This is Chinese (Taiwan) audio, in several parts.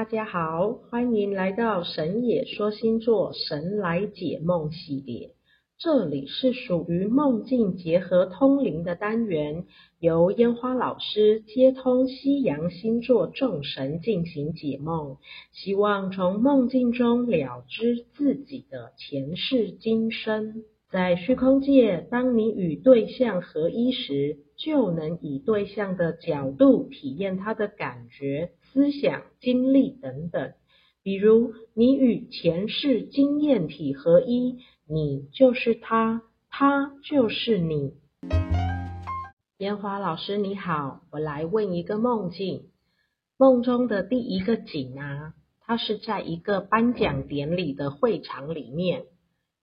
大家好，歡迎來到神野說星座神來解夢系列。這裡是屬於夢境結合通靈的單元，由煙花老師接通西洋星座眾神進行解夢，希望從夢境中了知自己的前世今生。在虛空界，當你與對象合一時，就能以對象的角度體驗他的感覺、思想、經歷等等。比如，你與前世經驗體合一，你就是他，他就是你。嚴華老師，你好，我來問一個夢境。夢中的第一個景啊，它是在一個頒獎典禮的會場裡面。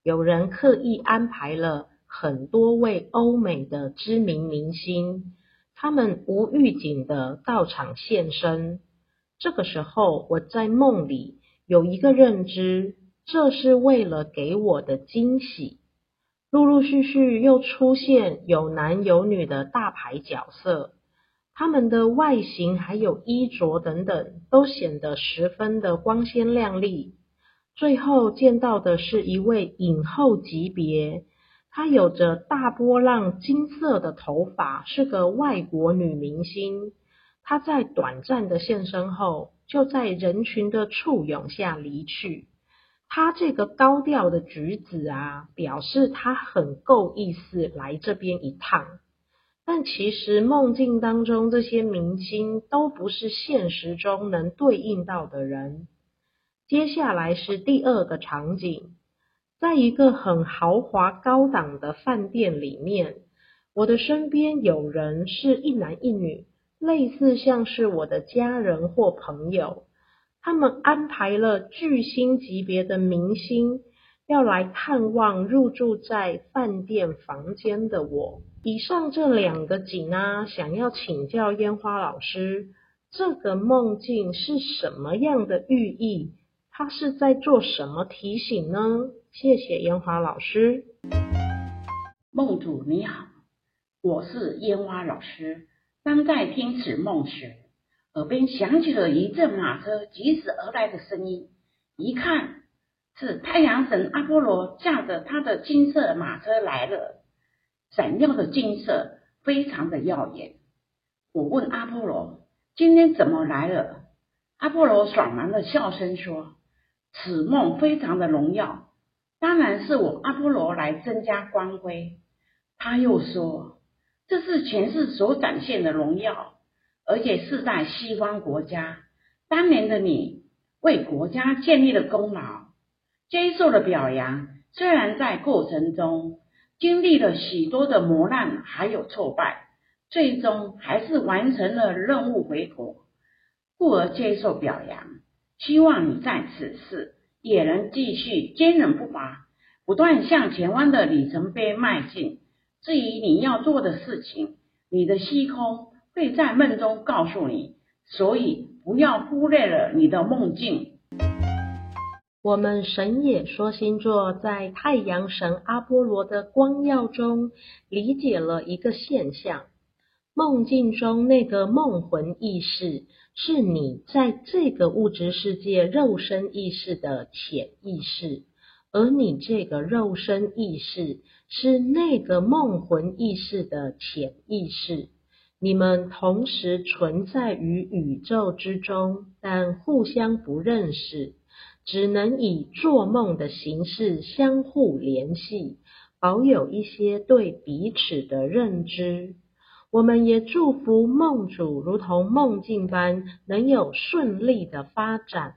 有人刻意安排了很多位歐美的知名明星，他們無預警的到場現身。這個時候，我在夢裡有一個認知，這是為了給我的驚喜。陸陸續續又出現有男有女的大牌角色，他們的外形還有衣着等等，都顯得十分的光鮮亮麗。最後見到的是一位影后級別，她有着大波浪金色的頭髮，是個外國女明星。她在短暫的現身後，就在人群的簇擁下離去。她這個高調的舉止啊，表示她很夠意思來這邊一趟。但其實夢境當中這些明星都不是現實中能對應到的人。接下來是第二個場景，在一個很豪華、高檔的飯店裡面，我的身邊有人是一男一女，類似像是我的家人或朋友。他們安排了巨星級別的明星要來探望入住在飯店房間的我。以上這兩個景啊，想要請教煙花老師，這個夢境是什麼樣的寓意？他是在做什麼提醒呢？謝謝煙花老師。夢主你好，我是煙花老師。當在聽此夢時，耳邊響起了一陣馬車疾馳而來的聲音。一看，是太陽神阿波羅駕着他的金色馬車來了，閃耀的金色，非常的耀眼。我問阿波羅：“今天怎麼來了？”阿波羅爽朗的笑聲說。此夢非常的榮耀，當然是我阿波羅來增加光輝。他又說，這是前世所展現的榮耀，而且是在西方國家。當年的你為國家建立了功勞，接受了表揚。雖然在過程中經歷了許多的磨難還有挫敗，最終還是完成了任務回國，故而接受表揚。希望你在此事也能繼續堅韌不拔，不斷向前方的里程碑邁進。至於你要做的事情，你的虛空會在夢中告訴你，所以不要忽略了你的夢境。我們神野說星座在太陽神阿波羅的光耀中，理解了一個現象。夢境中那個夢魂意識是你在這個物質世界肉身意識的潛意識，而你這個肉身意識是那個夢魂意識的潛意識。你們同時存在於宇宙之中，但互相不認識，只能以做夢的形式相互聯繫，保有一些對彼此的認知。我們也祝福夢主，如同夢境般，能有順利的發展。